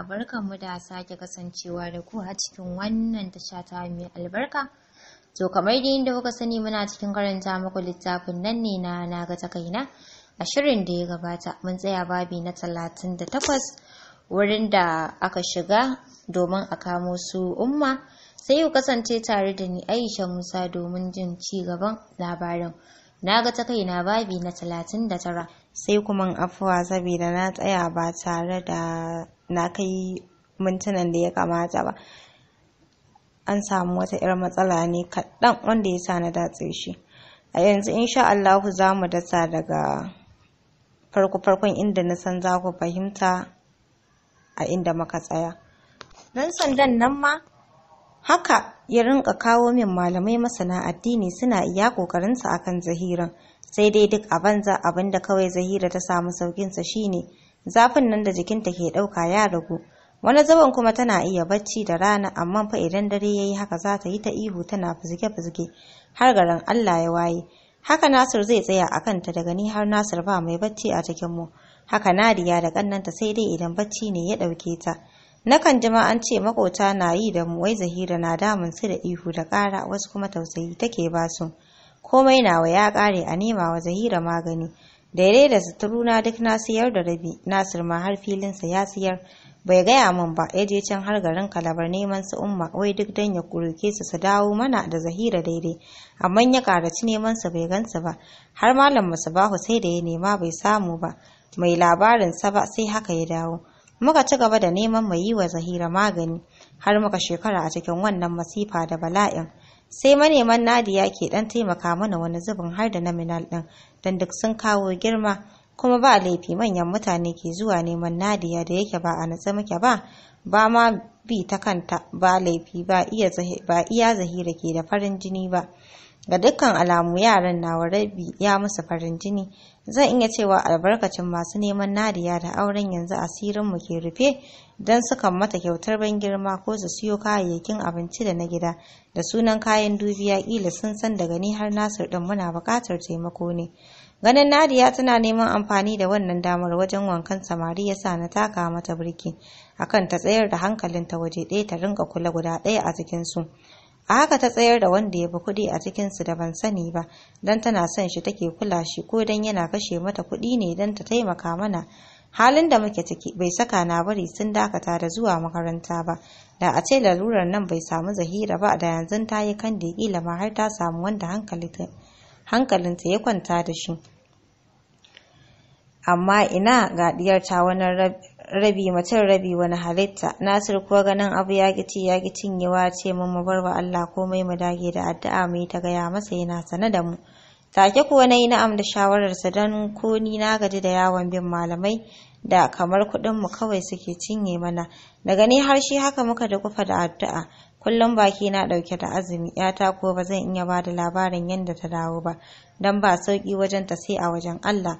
jama'a barkanmu da sake kasancewa da ku a cikin wannan tasha ta mai albarka. To kamar dai inda kuka sani muna cikin karanta muku littafin nan ne na na ga takaina a shirin da ya gabata mun tsaya babi na talatin da takwas wurin da aka shiga domin a kamo su umma sai ku kasance tare da ni Aisha Musa domin jin ci gaban labarin. Na ga ta kaina babi na talatin da tara sai kuma afuwa saboda na tsaya ba tare da na kai mintunan da ya kamata ba an samu wata 'yar matsala ne kaɗan wanda ya sa na datse shi a yanzu insha Allahu za mu dasa daga farko-farkon inda na san za ku fahimta a inda muka tsaya Don sandan nan ma haka ya rinka kawo min malamai masana addini suna iya kokarinsa akan zahiran sai dai duk a banza abinda kawai zahira ta samu saukinsa shine zafin nan da jikinta ke ɗauka ya ragu wani zaban kuma tana iya bacci da rana amma fa idan dare yayi haka za ta yi ta ihu tana fizge-fizge har garan Allah ya waye haka Nasir zai tsaya a kanta daga ni har Nasir ba mai bacci a cikin mu haka Nadiya da kannanta sai dai idan bacci ne ya ɗauke ta nakan jima an ce makota na yi da mu wai Zahira na damun su da ihu da ƙara wasu kuma tausayi take ba su komai nawa ya ƙare a nema wa Zahira magani daidai da na duk na siyar da rabi nasir ma har filinsa ya siyar bai gaya min ba ya je can har garin kalabar neman su umma wai duk dan ya kuruke su su dawo mana da zahira daidai amma ya karaci neman sa bai gansa ba har malam bahu sai da ya nema bai samu ba mai labarin sa ba sai haka ya dawo muka ci gaba da neman mai yi wa zahira magani har muka shekara a cikin wannan masifa da bala'in sai maneman nadiya ke dan taimaka mana wani zubin har da naminal ɗin. don duk sun kawo girma kuma ba laifi manyan mutane ke zuwa neman nadiya da yake ba a natsa muke ba ba ma bi ta kanta ba laifi ba iya zahira ke da farin jini ba ga dukkan alamu yaran na warabi ya musu farin jini zan iya cewa albarkacin masu neman nadiya da auren yanzu asirin mu ke rufe don sukan mata kyautar ban girma ko su siyo kayayyakin abinci da na gida da sunan kayan dubiya ƙila sun san daga ni har nasir ɗin muna bukatar taimako ne ganin nadiya tana neman amfani da wannan damar wajen wankan samari ya sa na taka mata birki akan ta tsayar da hankalinta waje ɗaya ta rinka kula guda ɗaya a jikinsu a haka ta tsayar da wanda ya fi kuɗi a cikinsu da ban sani ba don tana son shi take kula shi ko don yana kashe mata kuɗi ne don ta taimaka mana halin da muke ciki bai saka na bari sun dakata da zuwa makaranta ba da a ce lalurar nan bai samu zahira ba da yanzu ta yi kan da kila ma har ta samu wanda hankalinta ya kwanta da shi amma ina ga diyar ta wani rabi mutum rabi wani halitta nasir kuwa ganin abu ya gici ya gicin yawa ce mun mu bar wa Allah komai mu dage da addu'a mu ta gaya masa yana sane da mu take kuwa na yi na'am da shawararsa dan ko ni na gaji da yawon bin malamai da kamar kuɗin mu kawai suke cinye mana Da ni har shi haka muka da kufa da addu'a kullum baki na ɗauke da azumi yata ko ba zan iya ba da labarin yadda ta dawo ba don ba sauƙi wajen ta sai a wajen Allah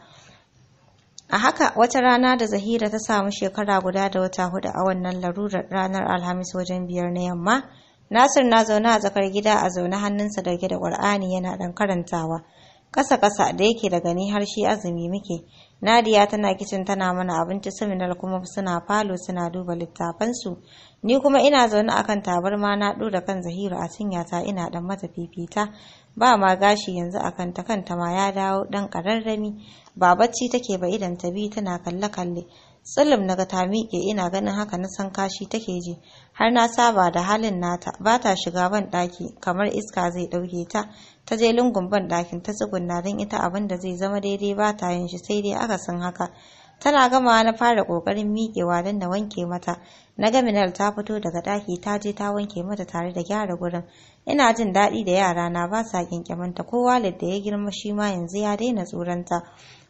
A haka wata rana da Zahira ta samu shekara guda da wata hudu a wannan larurar ranar Alhamis wajen biyar na yamma, Nasir na zaune a tsakar gida a zaune hannunsa dauke da Qur'ani yana dan karantawa. Kasa kasa da yake da gani har shi azumi muke. Nadiya tana kicin tana mana abinci seminal kuma suna falo suna duba littafansu. Ni kuma ina zaune akan tabarma na ɗora kan Zahira a cinya ta, ina dan mata fifita. ba ma gashi yanzu a kanta kanta ma ya dawo dan kararrami ba bacci take ba idan ta bi tana kalle-kalle tsilim naga ta miƙe ina ganin haka na san kashi take ji har na saba da halin nata ba ta shiga ban ɗaki kamar iska zai ɗauke ta ta je lungun ban ɗakin ta tsugunna don ita abin da zai zama daidai ba ta yin shi sai dai aka san haka tana gama na fara ƙoƙarin miƙewa don na wanke mata na ga minal ta fito daga ɗaki ta je ta wanke mata tare da gyara gurin ina jin daɗi da yarana ba sa kyankyaminta ko walid da ya girma shi ma yanzu ya daina tsoronta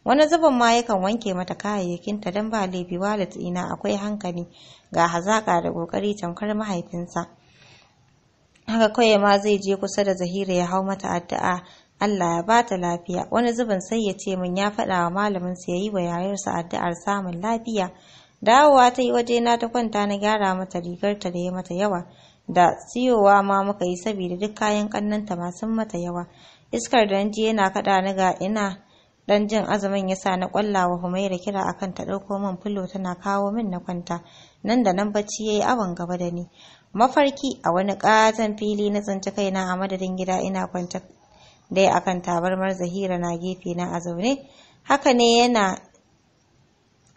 wani zubin ma yakan wanke mata kayayyakinta don ba laifi walid ina akwai hankali ga hazaƙa da ƙoƙari tamkar mahaifinsa haka kawai ma zai je kusa da zahira ya hau mata addu'a Allah ya ba ta lafiya wani zubin sai ya ce min ya faɗa wa malamin sa ya yi wa yayarsa addu'ar samun lafiya dawowa ta yi na ta kwanta na gyara mata rigarta da ya mata yawa da siyowa ma muka yi saboda duk kayan kannanta ma sun mata yawa iskar da ji yana kaɗa ni ga ina dan jin azumin yasa na kwallawa Humaira kira akan ta dauko min fulo tana kawo min na kwanta nan da nan bacci yayi awan gaba da ni mafarki a wani katon fili na tsinci kaina a madadin gida ina kwanta dai akan tabarmar Zahira na gefe na a zaune haka ne yana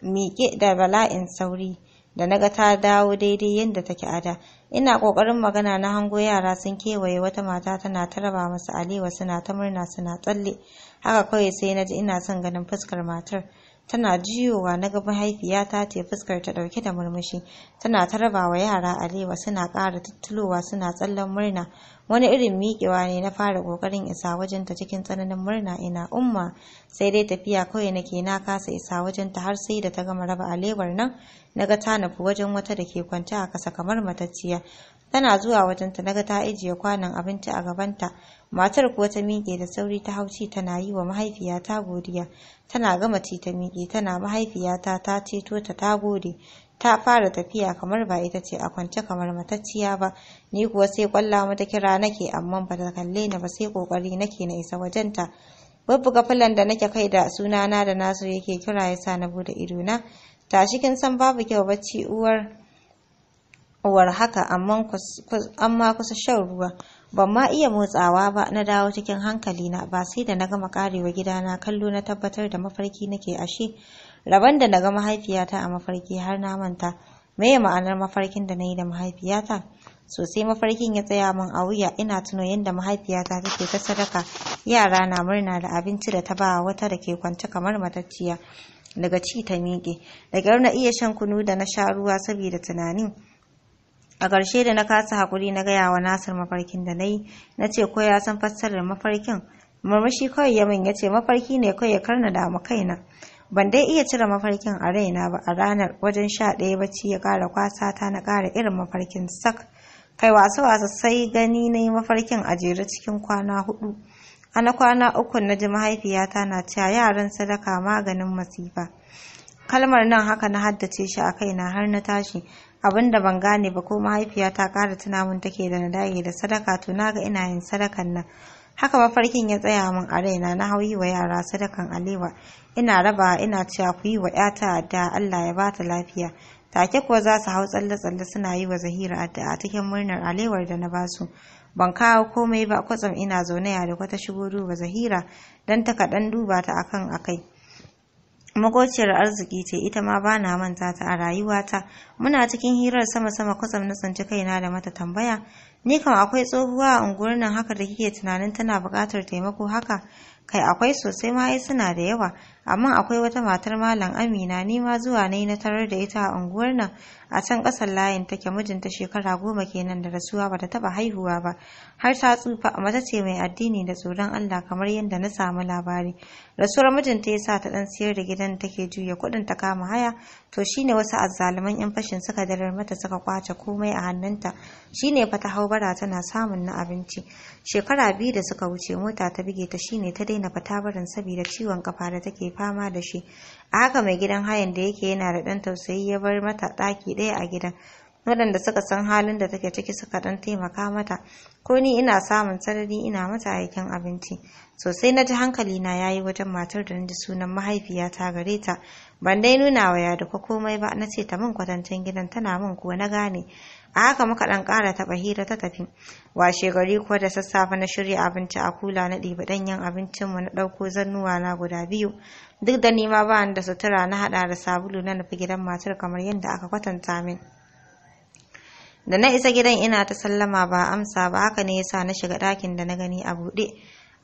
miƙe da bala'in sauri da naga ta dawo daidai yadda take a da ina kokarin magana na hango yara sun kewaye wata mata tana ta raba masu alewa suna ta murna suna tsalle haka kawai sai na ji ina son ganin fuskar matar tana jiyowa na ga mahaifiyata ta fuskar ta dauke da murmushi tana ta rabawa wa yara alewa suna ƙara tuttulowa suna tsallan murna wani irin miƙewa ne na fara ƙoƙarin isa wajen ta cikin tsananin murna ina umma sai dai tafiya kawai nake na kasa isa wajen ta har sai da ta gama raba alewar nan Na ta nufi wajen wata da ke kwance a kasa kamar matacciya tana zuwa wajen ta ga ta ijiye kwanon abinci a gabanta matar kuwa ta miƙe da sauri ta hauci tana yi wa mahaifiyata godiya tana gama ci ta miƙe tana mahaifiyata ta ceto ta ta gode ta fara tafiya kamar ba ita ce a kwance kamar matacciya ba ni kuwa sai kwalla mata kira nake amma ba ta kalle ni ba sai kokari nake na isa wajenta Babuga filan da nake kai da sunana da nasu yake kira yasa na bude na tashi kin san babu kyau bacci uwar uwar haka amma kusa shan ruwa ban ma iya motsawa ba na dawo cikin hankali na ba sai da na gama karewa gidana kallo na tabbatar da mafarki nake ashe rabon da na ga mahaifiyata a mafarki har na manta ya ma'anar mafarkin da na yi da mahaifiyata sosai mafarkin ya tsaya min a wuya ina tuno yadda mahaifiyata take ta sadaka yara na murna da abinci da ta ba wata da ke kwance kamar matacciya daga ci ta miƙe daga na iya shan kunu da na sha ruwa saboda tunanin a ƙarshe da na kasa haƙuri na gaya wa nasir mafarkin da na yi na ce ko ya san fassarar mafarkin murmushi kawai ya min ya ce mafarki ne kawai ya karna da damu kaina ban dai iya cire mafarkin a raina ba a ranar wajen sha ɗaya bacci ya ƙara kwasa ta na ƙara irin mafarkin sak kai wasa wasu sai gani na yi mafarkin a jere cikin kwana hudu Ana kwana uku na ji mahaifiyata na cewa yaran sadaka maganin masifa kalmar nan haka na haddace shi a kaina har na tashi abin da ban gane ba ko mahaifiyata ta ƙara tuna min take da na dage da sadaka to na ga ina yin sadakan nan haka mafarkin ya tsaya min a raina na hau yi wa yara sadakan alewa ina raba ina cewa ku yi wa yata da Allah ya bata lafiya take kuwa za su hau tsalle-tsalle suna yi wa zahira addu'a cikin murnar alewar da na basu ban kawo komai ba kwatsam ina zaune ya da kwata shigo duba zahira don ta kaɗan duba ta akan akai makociyar arziki ce ita ma ba na manta ta a rayuwata muna cikin hirar sama-sama kusan na tsinci kaina da mata tambaya ni kam akwai tsohuwa a unguwar nan haka da kike tunanin tana bukatar taimako haka kai akwai sosai ma ai suna da yawa amma akwai wata matar malam amina ni ma zuwa ne na tarar da ita a unguwar nan a can ƙasan layin take mijinta shekara goma kenan da rasuwa bata taba haihuwa ba har ta tsufa mata ce mai addini da tsoron Allah kamar yadda na samu labari rasuwar mijinta ya sa ta dan siyar da gidan take juya kuɗin ta kama haya to shine wasu azzaluman yan fashin suka darar mata suka kwace komai a hannunta shine fa ta hau bara tana samun na abinci shekara biyu da suka wuce mota ta bige ta shine ta daina fata barin saboda ciwon kafa da take fama da shi a haka mai gidan hayan da yake yana da dan tausayi ya bar mata ɗaki ɗaya a gidan waɗanda suka san halin da take ciki suka ɗan taimaka mata ko ni ina samun sarari ina mata aikin abinci sosai na ji hankali na yayi wajen matar da ji sunan mahaifiyata gare ta ban dai nuna wa ko komai ba na ce ta min kwatantan gidan tana min ko na gane a haka muka ɗan kara taɓa hira ta tafi washe gari kuwa da sassafe na shirya abinci a kula na ɗibi ɗanyen abincinmu na ɗauko zannuwa na guda biyu duk da nima ba da sutura na haɗa da sabulu na nufi gidan matar kamar yadda aka kwatanta min da na isa gidan ina ta sallama ba amsa ba haka ne yasa na shiga ɗakin da na gani a buɗe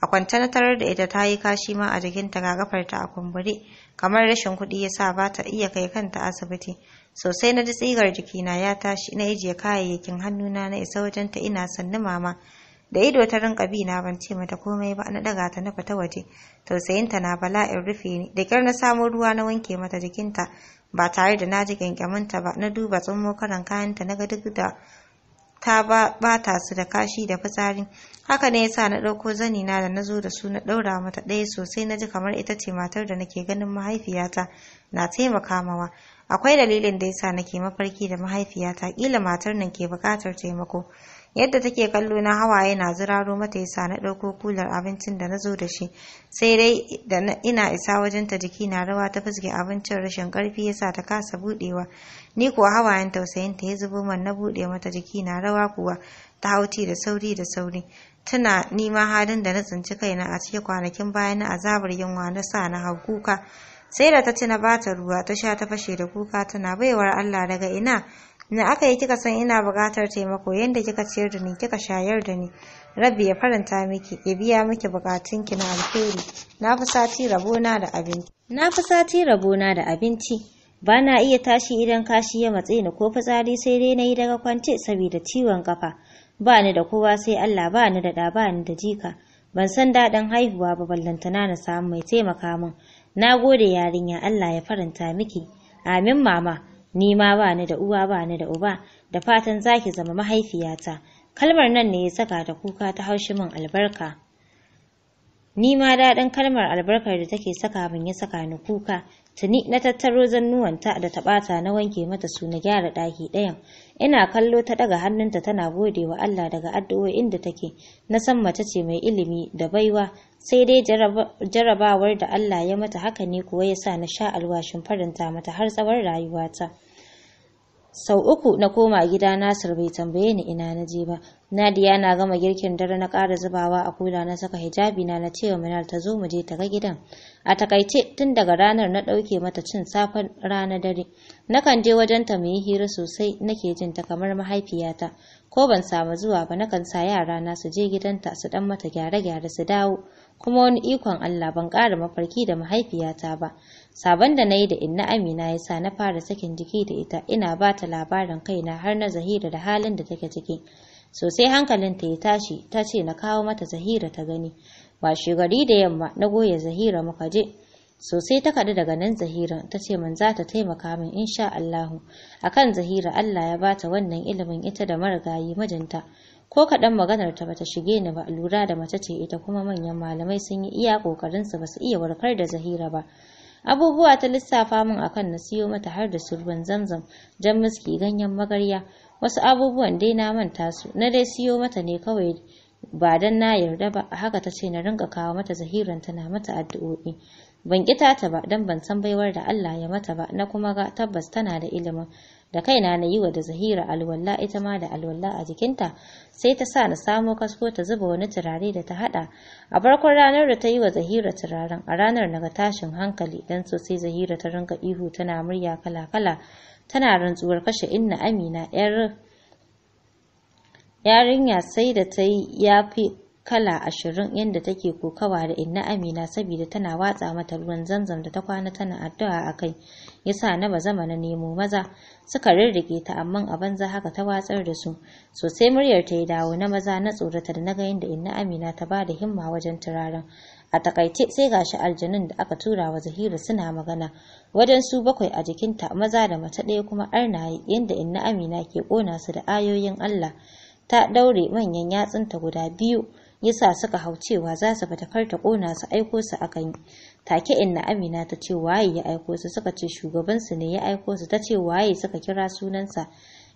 a kwance na tarar da ita ta yi kashi ma a jikinta ga gafarta a kumbure kamar rashin kuɗi yasa ba ta iya kai kanta asibiti sosai na ji tsigar jikina ya tashi na ijiye kayayyakin hannuna na isa wajen ta ina sannu mama da ido ta rinka bi na ban ce mata komai ba na daga ta na fita waje tausayinta na bala bala'in rufe ni da kyar na samu ruwa na wanke mata jikinta ba tare da na ji kyankyamanta ba na duba tsummo karan kayanta na ga duk da ta bata su da kashi da fitsari haka ne yasa na ɗauko zani na da na zo da su na ɗaura mata ɗaya sosai na ji kamar ita ce matar da nake ganin mahaifiyata na taimaka mawa akwai dalilin da yasa nake mafarki da mahaifiyata kila matar nan ke bukatar taimako yadda take kallo na hawaye na ziraro mata yasa na ɗauko kular abincin da na zo da shi sai dai da ina isa wajen ta jiki na rawa ta fuske abincin rashin karfi yasa ta kasa buɗewa ni kuwa hawayen tausayinta ya zubo man na buɗe mata jiki na rawa kuwa ta hauti da sauri da sauri tana nima halin da na tsinci kaina a cikin kwanakin bayan na azabar yunwa na sa na hau kuka sai da ta ci na bata ruwa ta sha ta fashe da kuka tana baiwar Allah daga ina na aka yi kika san ina buƙatar taimako yadda kika ciyar da ni kika shayar da ni rabi ya faranta miki ya biya miki buƙatunki na alheri na fi sati rabona da abinci na fi sati rabona da abinci ba na iya tashi idan kashi ya matse ni ko fitsari sai dai na yi daga kwance saboda ciwon kafa ba ni da kowa sai Allah ba ni da da ba ni da jika ban san daɗin haihuwa ba ballantana na samu mai taimaka min Na gode yarinya Allah ya faranta miki. Amin mama, ni ma ba ni da uwa ba ni da uba, da fatan zaki zama mahaifiyata. Kalmar nan ne ya saka ta kuka ta haushi min albarka. Ni ma daɗin kalmar albarkar da take saka min ya saka ni kuka, Tuni na tattaro zannuwanta da ta ɓata na wanke mata su na gyara ɗaki ɗayan. Ina kallo ta ɗaga hannunta tana gode wa Allah daga addu'o'in da take. Na san mace ce mai ilimi da baiwa, sai dai jarabawar da Allah ya mata haka ne kuwa ya sa na sha alwashin faranta mata har tsawon rayuwata. sau uku na koma gida nasir bai tambaye ni ina na je ba nadiya na gama girkin dare na ƙara zubawa a kula na saka hijabi na na cewa minal ta zo mu je ta ga gidan a takaice tun daga ranar na ɗauke mata cin safen rana dare nakan je wajen ta muyi hira sosai nake jin ta kamar mahaifiyata ko ban samu zuwa ba nakan sa yara na su je gidanta su dan mata gyare-gyare su dawo kuma wani ikon Allah ban ƙara mafarki da mahaifiyata ba Sabon da na yi da inna Amina ya sa na fara sakin jiki da ita ina ba ta labarin kaina har na Zahira da halin da take ciki. Sosai hankalinta ya tashi ta ce na kawo mata Zahira ta gani. Ba gari da yamma na goya Zahira muka je. Sosai ta kaɗu daga nan Zahira ta ce man za ta taimaka min insha Allahu. Akan Zahira Allah ya bata wannan ilimin ita da marigayi mijinta. ko kaɗan maganar ta bata shige ni ba lura da mace ce ita kuma manyan malamai sun yi iya ƙoƙarinsu ba su iya warkar da zahira ba abubuwa ta lissafa min akan na siyo mata har da surban zamzam jan miski ganyen magarya wasu abubuwan dai na manta su na dai siyo mata ne kawai ba dan na yarda ba a haka ce na rinka kawo mata zahiran tana mata addu'o'i ban kita ta ba dan ban san baiwar da Allah ya mata ba na kuma ga tabbas tana da ilimin da kaina na yi wa da zahira alwalla ita ma da alwalla a jikinta sai ta sa na samo kasko ta zuba wani turare da ta hada a farkon ranar da ta yi wa zahira turaren a ranar na ga tashin hankali dan sosai zahira ta rinka ihu tana murya kala kala tana rantsuwar kashe inna amina yar yarinya sai da ta yi yafi kala ashirin yadda take kokawa da inna amina saboda tana watsa mata ruwan zanzam da ta kwana tana addu'a a kai ya sa na zama na nemo maza suka rirrike ta amma a banza haka ta watsar da su sosai muryar ta yi dawo na maza na tsorata da na ga yadda inna amina ta ba da himma wajen turaren a takaice sai gashi aljanun da aka tura wa Zahira suna magana wajen su bakwai a jikinta maza da mace ɗaya kuma arnaye yadda inna amina ke ƙona su da ayoyin allah ta daure manyan yatsunta guda biyu yasa suka hau cewa za su fita kar ta kona su aiko su a kan take inna amina ta ce waye ya aiko su suka ce shugaban su ne ya aiko su ta ce waye suka kira sunansa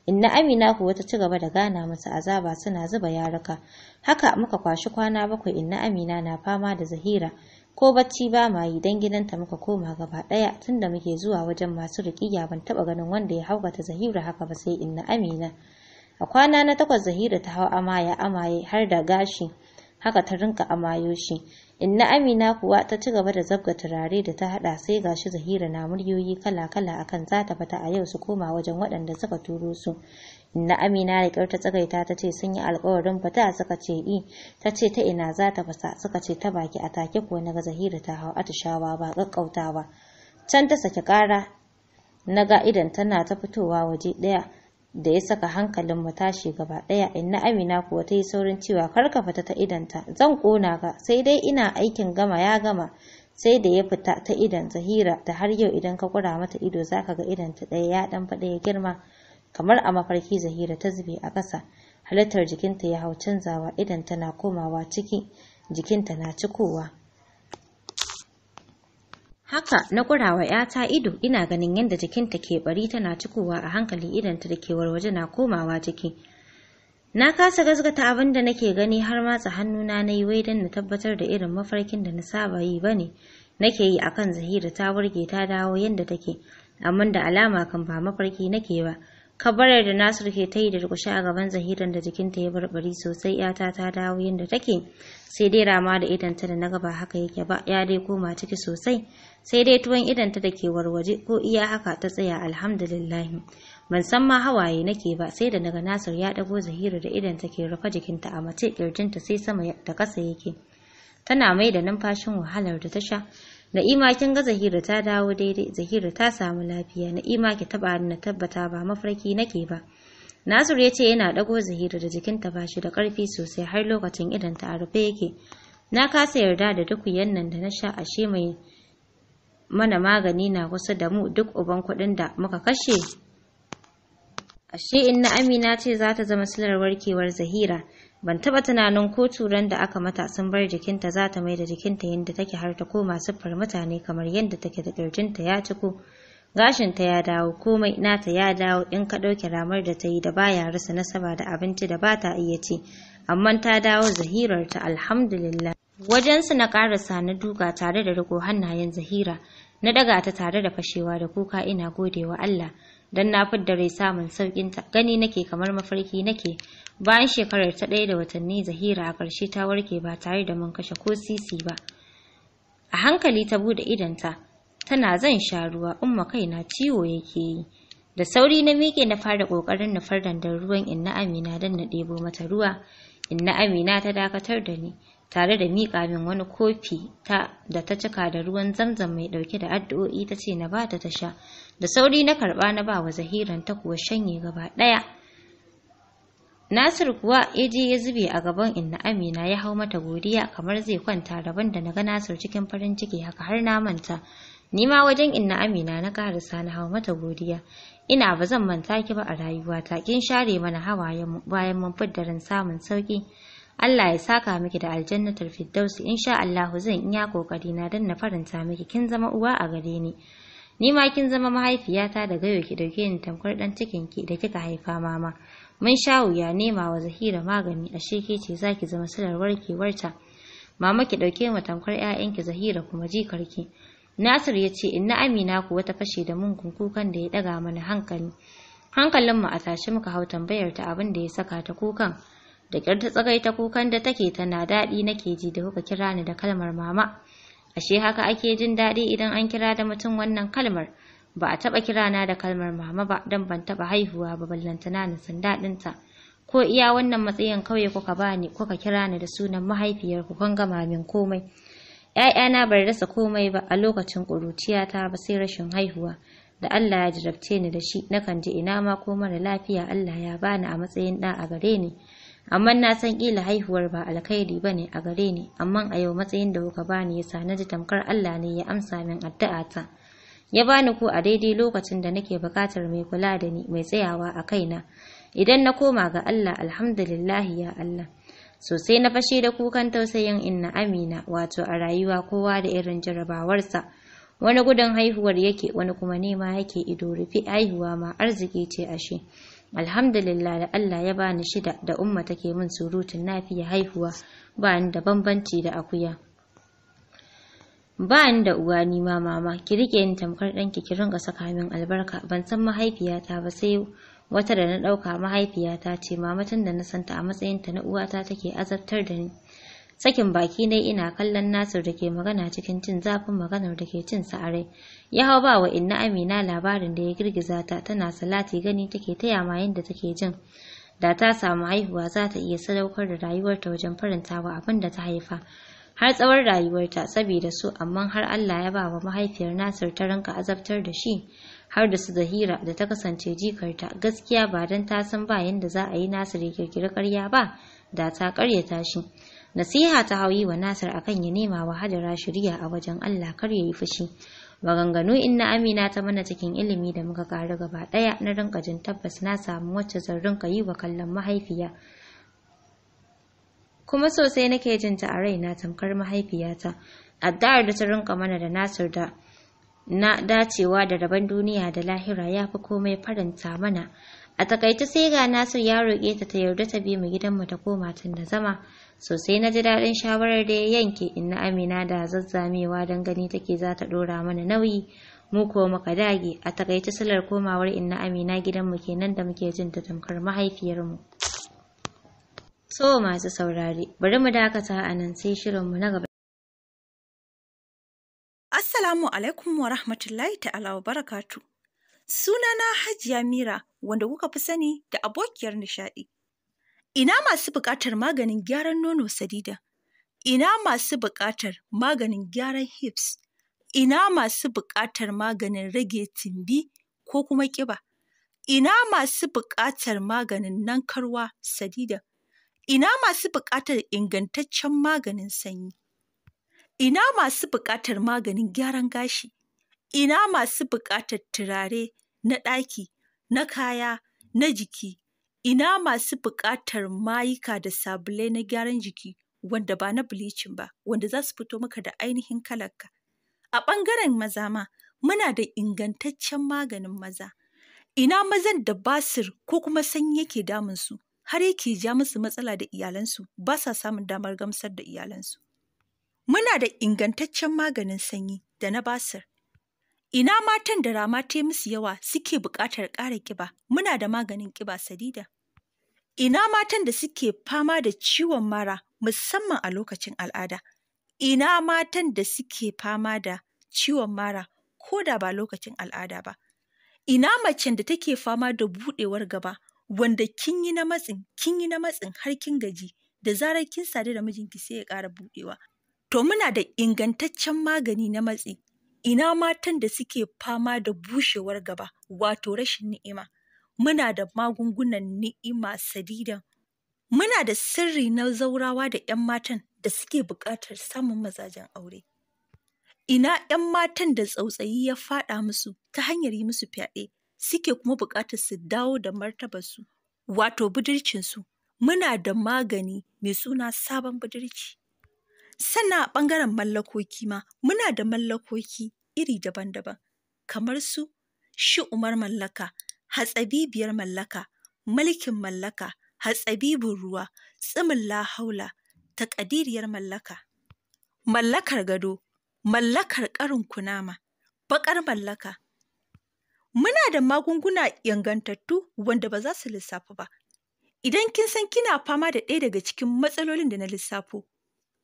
inna amina kuwa ta ci gaba da gana masa azaba suna zuba yaruka haka muka kwashi kwana bakwai inna amina na fama da zahira ko bacci ba ma yi dan gidanta muka koma gaba daya tunda muke zuwa wajen masu riƙiya ban taba ganin wanda ya haukata zahira haka ba sai inna amina a kwana na takwas zahira ta hau amaya amaye har da gashi haka ta rinka amayo shi inna amina kuwa ta ci gaba da zabga turare da ta hada sai gashi zahira na muryoyi kala kala akan za ta fita a yau su koma wajen waɗanda suka turo su inna amina da kyar ta tsagaita ta ce sun yi alkawarin fita suka ce i ta ce ta ina za ta fasa suka ce ta baki a take kuwa naga zahira ta hau atishawa ba kakkautawa can ta saki kara naga idan tana ta fitowa waje ɗaya da ya saka hankalin mu tashi gaba ɗaya inna amina kuwa ta yi saurin cewa kar ka fita ta idanta zan kona ka sai dai ina aikin gama ya gama sai da ya fita ta idan zahira da har yau idan ka kura mata ido zaka ga idonta ɗaya ya ɗan faɗa ya girma kamar a mafarki zahira ta zube a ƙasa halittar jikinta ya hau canzawa idan tana komawa ciki jikinta na cikowa Haka na wa ‘yata ido ina ganin yadda jikinta ke bari tana cikowa a hankali idan da ke warwaje na komawa ciki Na kasa gasgata abin da nake gani har matsa hannuna na yi wai don na tabbatar da irin mafarkin da na saba yi ba ne nake yi kan zahira ta burge ta dawo yadda take, amma da alama kan ba mafarki nake ba. kabarar da Nasir ke ta yi da rukushe a gaban zahiran da jikinta ya barbari sosai yata ta dawo yadda take sai dai rama da idanta da na gaba haka yake ba ya dai koma ciki sosai sai dai tuwon idanta da ke warwaje ko iya haka ta tsaya alhamdulillah ban san ma hawaye nake ba sai da naga Nasir ya dago Zahira da idanta ke rufe jikinta a mace kirjinta sai sama da kasa yake tana mai da numfashin wahalar da ta sha Na'ima kin ga Zahira ta dawo daidai, Zahira ta samu lafiya, Na'ima ki taba na tabbata ba mafarki nake ba. Nasiru ya ce yana ɗago Zahira da jikinta ba shi da ƙarfi sosai har lokacin idan ta a rufe yake. Na kasa yarda da duk yannan da na sha ashe mai mana magani na kusa da mu duk uban kuɗin da muka kashe. Ashe in na Amina ce za ta zama silar warkewar Zahira. ban taba tunanin ko turan da aka mata sun bar jikinta za ta mai da jikinta yadda take har ta koma siffar mutane kamar yadda take da ƙirjinta ya ciko gashinta ya dawo komai nata ya dawo in ka ɗauke ramar da ta yi da baya rasa nasaba da abinci da ba ta iya ci amma ta dawo zahirarta alhamdulillah wajensu na ƙarasa na duka tare da riko hannayen zahira na daga ta tare da fashewa da kuka ina gode wa Allah don na fidda rai samun sauƙinta gani nake kamar mafarki nake bayan shekarar ta ɗaya da watanni zahira a ƙarshe ta warke ba tare da mun kashe ko sisi ba a hankali ta buɗe idanta tana zan sha ruwa umma kaina ciwo yake yi da sauri na miƙe na fara ƙoƙarin na fardan ruwan inna amina dan na ɗebo mata ruwa inna amina ta dakatar da ni tare da miƙa min wani kofi ta da ta cika da ruwan zamzam mai ɗauke da addu'o'i ta ce na bata ta sha da sauri na karɓa na ba wa zahiran ta kuwa shanye gaba ɗaya Nasir kuwa ya je ya zube a gaban inna Amina ya hau mata godiya kamar zai kwanta rabon da naga ga Nasir cikin farin ciki haka har na manta. Ni ma wajen inna Amina na karasa na hau mata godiya. Ina ba zan manta ki ba a rayuwata kin share mana hawayen bayan mun fiddarin samun sauki. Allah ya saka miki da aljannatul firdausi insha Allah zan iya kokari na dan na faranta miki kin zama uwa a gare ni. Ni ma kin zama mahaifiyata da gayo ki dauke ni tamkar dan cikin ki da kika haifa mama. mun sha wuya nema wa zahira magani ashe ke ce zaki zama silar warkewarta mama ki dauke mu tamkar ƴaƴanki zahira kuma ji jikarki nasir ya ce inna amina kuwa ta fashe da mungun kukan da ya daga mana hankali hankalin mu a tashi muka hau tambayar ta abin da ya saka ta kukan da kyar ta tsagai ta kukan da take tana daɗi nake ji da kuka kira ni da kalmar mama ashe haka ake jin daɗi idan an kira da mutum wannan kalmar ba a taɓa na da kalmar mama ba don ban taɓa haihuwa ba ballantana na san daɗinta ko iya wannan matsayin kawai kuka ba ni kuka kira ni da sunan mahaifiyar ku kun gama min komai ‘ya'yana bai rasa komai ba a lokacin ƙuruciyata ba sai rashin haihuwa da Allah ya jarabce ni da shi nakan ji ina ma ko mara lafiya Allah ya bani a matsayin ɗa a gare ni amma na san ƙila haihuwar ba alkhairi ba ne a gare ni amma a yau matsayin da kuka bani ya sa na ji tamkar Allah ne ya amsa min addu'ata. ta ya bani ku a daidai lokacin da nake buƙatar mai kula da ni mai tsayawa a kaina idan na koma ga Allah alhamdulillahi ya Allah sosai na fashe da kukan tausayin inna amina wato a rayuwa kowa da irin jarabawarsa wani gudun haihuwar yake wani kuma nema yake ido rufe haihuwa ma arziki ce ashe alhamdulillah da Allah ya bani shida da umma take min surutun nafiya haihuwa ba ni da bambanci da akuya ba ni da uwa ni ma mama ki rike ni tamkar ɗanki ki ringa saka min albarka ban san mahaifiyata ba sai wata da na ɗauka mahaifiyata ce mama tun da na santa a matsayin ta na uwata take azabtar da ni sakin baki dai ina kallon Nasir da ke magana cikin cin zafin maganar da ke cin sa a Ya hau ba wa inna Amina labarin da ya girgiza ta tana salati gani take taya ma yadda take jin. Da ta samu haihuwa za ta iya sadaukar da rayuwarta wajen faranta wa abin da ta haifa. har tsawon rayuwarta saboda su amma har Allah ya ba wa mahaifiyar Nasir ta ranka azabtar da shi har da su Zahira da ta kasance jikarta gaskiya ba dan ta san ba yanda za a yi Nasir ya kirkiri ƙarya ba da ta ƙaryata shi nasiha ta hauyi wa Nasir akan ya nema wa hadara shari'a a wajen Allah kar ya yi fushi maganganu inna amina ta mana cikin ilimi da muka karu gaba daya na rinka jin tabbas na samu wacce zan rinka yi wa kallon mahaifiya kuma sosai nake jin ta a raina tamkar mahaifiyata addu'ar da ta rinka mana da Nasir da na dacewa da rabon duniya da lahira ya fi komai faranta mana a takaice sai ga Nasir ya roƙe ta ta yarda ta bi mu gidanmu ta koma tun da zama sosai na ji daɗin shawarar da ya yanke inna Amina da zazzamewa don gani take za ta ɗora mana nauyi mu ko muka dage a takaice silar komawar inna Amina gidanmu kenan da muke jin ta tamkar mahaifiyarmu. So masu saurari, bari mu dakata a nan sai shirinmu na gaba. Assalamu alaikum wa rahmatullahi ta'ala wa barakatu. Sunana Hajiya Mira wanda kuka fi sani da abokiyar nishaɗi. Ina masu buƙatar maganin gyaran nono sadida. Ina masu buƙatar maganin gyaran hips. Ina masu buƙatar maganin rage tumbi ko kuma ƙiba. Ina masu buƙatar maganin nankarwa sadida. Ina masu buƙatar ingantaccen maganin sanyi? Ina masu buƙatar maganin gyaran gashi? Ina masu buƙatar turare na ɗaki, na kaya, na jiki? Ina masu buƙatar mayuka da sabulai na gyaran jiki wanda ba na bleaching ba, wanda za su fito maka da ainihin kalarka? A ɓangaren maza ma, muna da ingantaccen maganin maza. Ina mazan da basir ko kuma sanyi yake damunsu? har yake ja musu matsala da iyalansu ba sa samun damar gamsar da iyalansu. Muna da ingantaccen maganin sanyi da na basir. Ina matan da rama ta musu yawa suke buƙatar ƙara ƙiba, muna da maganin ƙiba sadida. Ina matan da suke fama da ciwon mara musamman a lokacin al'ada. Ina matan da suke fama da ciwon mara ko da ba lokacin al'ada ba. Ina macen da take fama da buɗewar gaba wanda kin yi na matsin kin yi na matsin har kin gaji da zarar kin sadu da mijinki sai ya ƙara buɗewa to muna da ingantaccen magani na matsi ina matan da suke fama da bushewar gaba wato rashin ni'ima muna da magungunan ni'ima sadidan muna da sirri na zaurawa da 'yan matan da suke buƙatar samun mazajen aure ina 'yan matan da tsautsayi ya faɗa musu ta hanyar yi musu fyaɗe suke kuma buƙatar su dawo da martabarsu wato budurcinsu muna da magani mai suna sabon budurci sannan a ɓangaren mallakoki ma muna da mallakoki iri daban-daban kamar su shi umar mallaka hatsabibiyar mallaka mulkin mallaka hatsabibin ruwa tsimin lahaula taƙadiriyar mallaka mallakar gado mallakar ƙarin kunama baƙar mallaka Muna da magunguna yangantattu wanda ba za su lissafu ba. Idan kin san kina fama da ɗaya daga cikin matsalolin da na lissafo,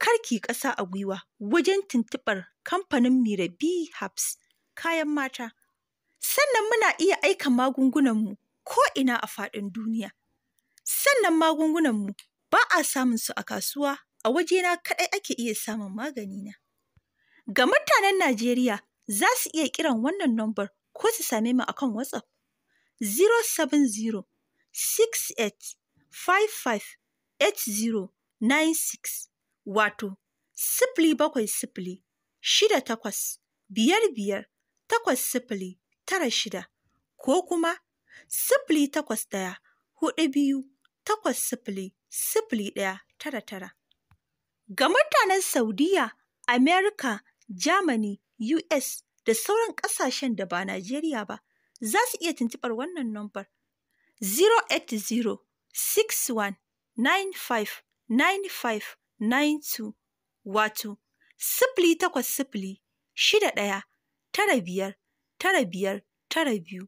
kar ki ƙasa a gwiwa wajen tuntuɓar kamfanin Mira B Hubs kayan mata. Sannan muna iya aika magungunanmu ko ina a faɗin duniya. Sannan magungunanmu ba a samun su a kasuwa, a wajena kaɗai ake iya samun maganina. Ga mutanen Najeriya za su iya kiran wannan nambar ko su same mu akan WhatsApp 070 68 55 8096 wato sifili bakwai sifili shida biyar biyar tara shida ko kuma sifili takwas ɗaya biyu sifili ɗaya tara tara. Ga mutanen Saudiya, Amerika, Germany, US da sauran ƙasashen da ba Najeriya ba za su iya tuntuɓar wannan nombar 08061959592 wato sifili takwas sifili shida ɗaya tara biyar tara biyar tara biyu.